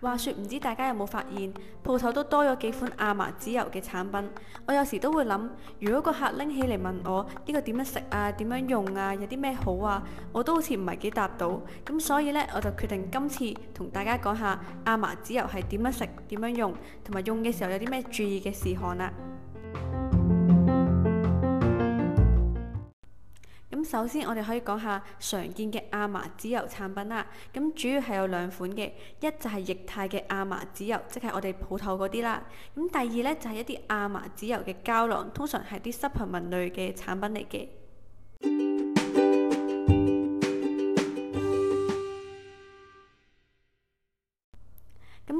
話說唔知大家有冇發現，鋪頭都多咗幾款亞麻籽油嘅產品。我有時都會諗，如果個客拎起嚟問我呢個點樣食啊，點樣用啊，有啲咩好啊，我都好似唔係幾答到。咁所以呢，我就決定今次同大家講下亞麻籽油係點樣食、點樣用，同埋用嘅時候有啲咩注意嘅事項啦。首先，我哋可以講下常見嘅亞麻籽油產品啦。咁主要係有兩款嘅，一就係液態嘅亞麻籽油，即係我哋鋪頭嗰啲啦。咁第二呢，就係一啲亞麻籽油嘅膠囊，通常係啲 supplement 類嘅產品嚟嘅。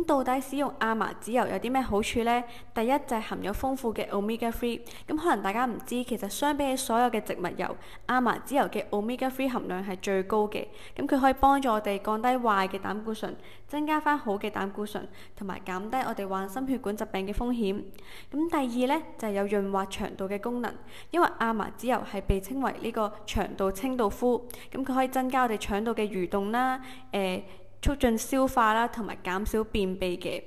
到底使用亞麻籽油有啲咩好處呢？第一就係含有豐富嘅 omega three，咁可能大家唔知，其實相比起所有嘅植物油，亞麻籽油嘅 omega three 含量係最高嘅。咁佢可以幫助我哋降低壞嘅膽固醇，增加返好嘅膽固醇，同埋減低我哋患心血管疾病嘅風險。咁第二呢，就係有潤滑腸道嘅功能，因為亞麻籽油係被稱為呢個腸道清道夫，咁佢可以增加我哋腸道嘅蠕動啦，誒。促進消化啦，同埋減少便秘嘅。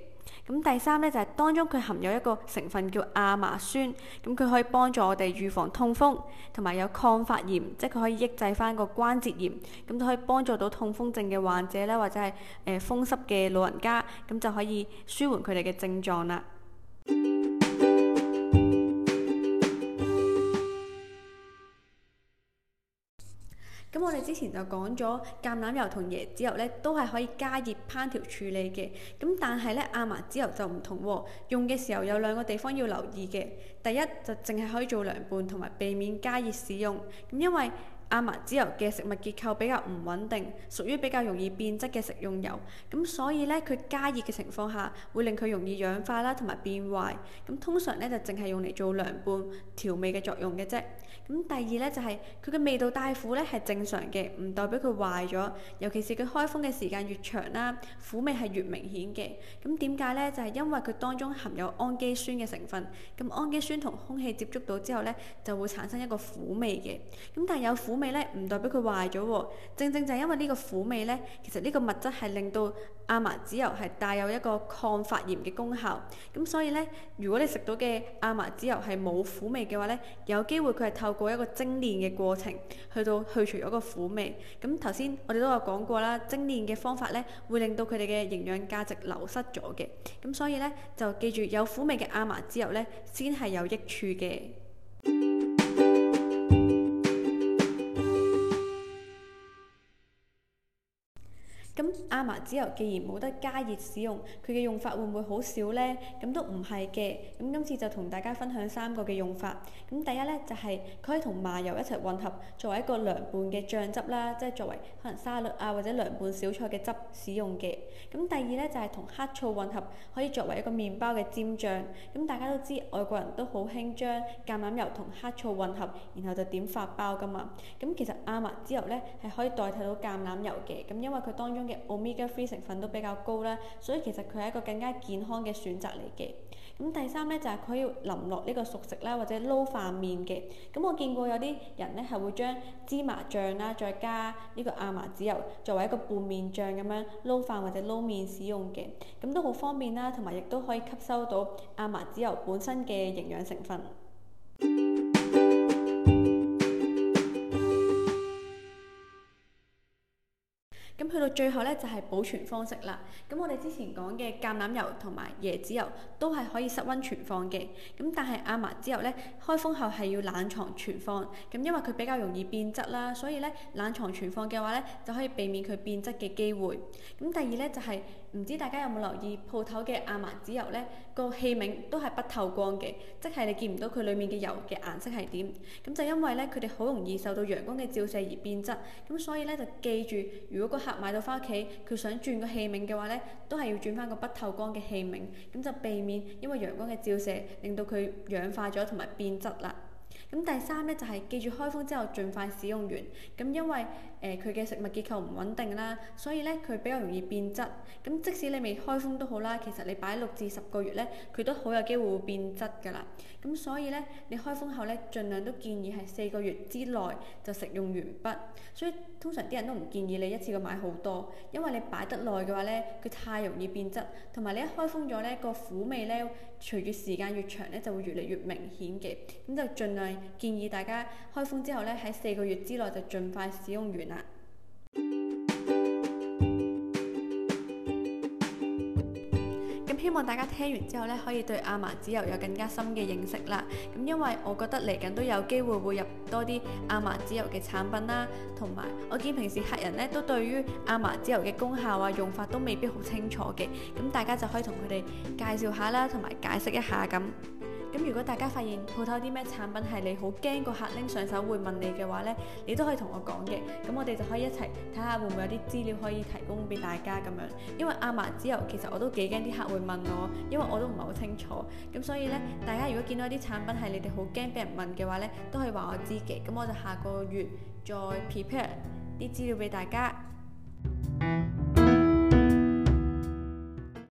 咁第三呢，就係當中佢含有一個成分叫亞麻酸，咁佢可以幫助我哋預防痛風，同埋有抗發炎，即係佢可以抑制翻個關節炎，咁都可以幫助到痛風症嘅患者呢，或者係誒風濕嘅老人家，咁就可以舒緩佢哋嘅症狀啦。咁我哋之前就講咗橄欖油同椰子油咧，都係可以加熱烹調處理嘅。咁但係咧，亞麻籽油就唔同喎，用嘅時候有兩個地方要留意嘅。第一，就淨係可以做涼拌，同埋避免加熱使用。咁因為亞麻籽油嘅食物結構比較唔穩定，屬於比較容易變質嘅食用油，咁所以咧，佢加熱嘅情況下會令佢容易氧化啦，同埋變壞。咁通常咧就淨係用嚟做涼拌調味嘅作用嘅啫。咁第二咧就係佢嘅味道帶苦咧係正常嘅，唔代表佢壞咗。尤其是佢開封嘅時間越長啦，苦味係越明顯嘅。咁點解咧？就係因為佢當中含有氨基酸嘅成分，咁氨基酸同空氣接觸到之後咧就會產生一個苦味嘅。咁但係有苦味咧唔代表佢壞咗喎，正正就係因為呢個苦味咧，其實呢個物質係令到亞麻籽油係帶有一個抗發炎嘅功效。咁所以咧，如果你食到嘅亞麻籽油係冇苦味嘅話咧，有機會佢係透過一個精煉嘅過程去到去除咗個苦味。咁頭先我哋都有講過啦，精煉嘅方法咧會令到佢哋嘅營養價值流失咗嘅。咁所以咧，就記住有苦味嘅亞麻籽油咧先係有益處嘅。咁亞麻籽油既然冇得加熱使用，佢嘅用法會唔會好少咧？咁都唔係嘅。咁今次就同大家分享三個嘅用法。咁第一咧就係、是、佢可以同麻油一齊混合，作為一個涼拌嘅醬汁啦，即係作為可能沙律啊或者涼拌小菜嘅汁使用嘅。咁第二咧就係、是、同黑醋混合，可以作為一個麵包嘅漬醬，咁大家都知外國人都好興將橄欖油同黑醋混合，然後就點發包噶嘛。咁其實亞麻籽油咧係可以代替到橄欖油嘅。咁因為佢當中。嘅 omega three 成分都比較高啦，所以其實佢係一個更加健康嘅選擇嚟嘅。咁第三咧就係佢要淋落呢個熟食啦，或者撈飯麵嘅。咁我見過有啲人咧係會將芝麻醬啦，再加呢個亞麻籽油作為一個拌麵醬咁樣撈飯或者撈麵使用嘅，咁都好方便啦，同埋亦都可以吸收到亞麻籽油本身嘅營養成分。咁去到最後咧，就係保存方式啦。咁我哋之前講嘅橄欖油同埋椰子油都係可以室溫存放嘅。咁但係亞麻籽油咧，開封後係要冷藏存放。咁因為佢比較容易變質啦，所以咧冷藏存放嘅話咧，就可以避免佢變質嘅機會。咁第二咧就係、是。唔知大家有冇留意鋪頭嘅亞麻籽油呢個器皿都係不透光嘅，即係你見唔到佢裡面嘅油嘅顏色係點？咁就因為呢，佢哋好容易受到陽光嘅照射而變質。咁所以呢，就記住，如果個客買到翻屋企，佢想轉個器皿嘅話呢，都係要轉翻個不透光嘅器皿，咁就避免因為陽光嘅照射令到佢氧化咗同埋變質啦。咁第三呢，就係記住開封之後盡快使用完。咁因為誒佢嘅食物結構唔穩定啦，所以咧佢比較容易變質。咁即使你未開封都好啦，其實你擺六至十個月咧，佢都好有機會變質㗎啦。咁所以咧，你開封後咧，儘量都建議喺四個月之內就食用完畢。所以通常啲人都唔建議你一次過買好多，因為你擺得耐嘅話咧，佢太容易變質，同埋你一開封咗咧，個苦味咧，隨住時間越長咧就會越嚟越明顯嘅。咁就儘量建議大家開封之後咧，喺四個月之內就盡快使用完。希望大家聽完之後咧，可以對亞麻籽油有更加深嘅認識啦。咁因為我覺得嚟緊都有機會會入多啲亞麻籽油嘅產品啦，同埋我見平時客人咧都對於亞麻籽油嘅功效啊、用法都未必好清楚嘅，咁大家就可以同佢哋介紹下啦，同埋解釋一下咁。咁如果大家發現鋪頭有啲咩產品係你好驚個客拎上手會問你嘅話呢，你都可以同我講嘅。咁我哋就可以一齊睇下會唔會有啲資料可以提供俾大家咁樣。因為亞麻之後其實我都幾驚啲客會問我，因為我都唔係好清楚。咁所以呢，大家如果見到啲產品係你哋好驚俾人問嘅話呢，都可以話我知嘅。咁我就下個月再 prepare 啲資料俾大家。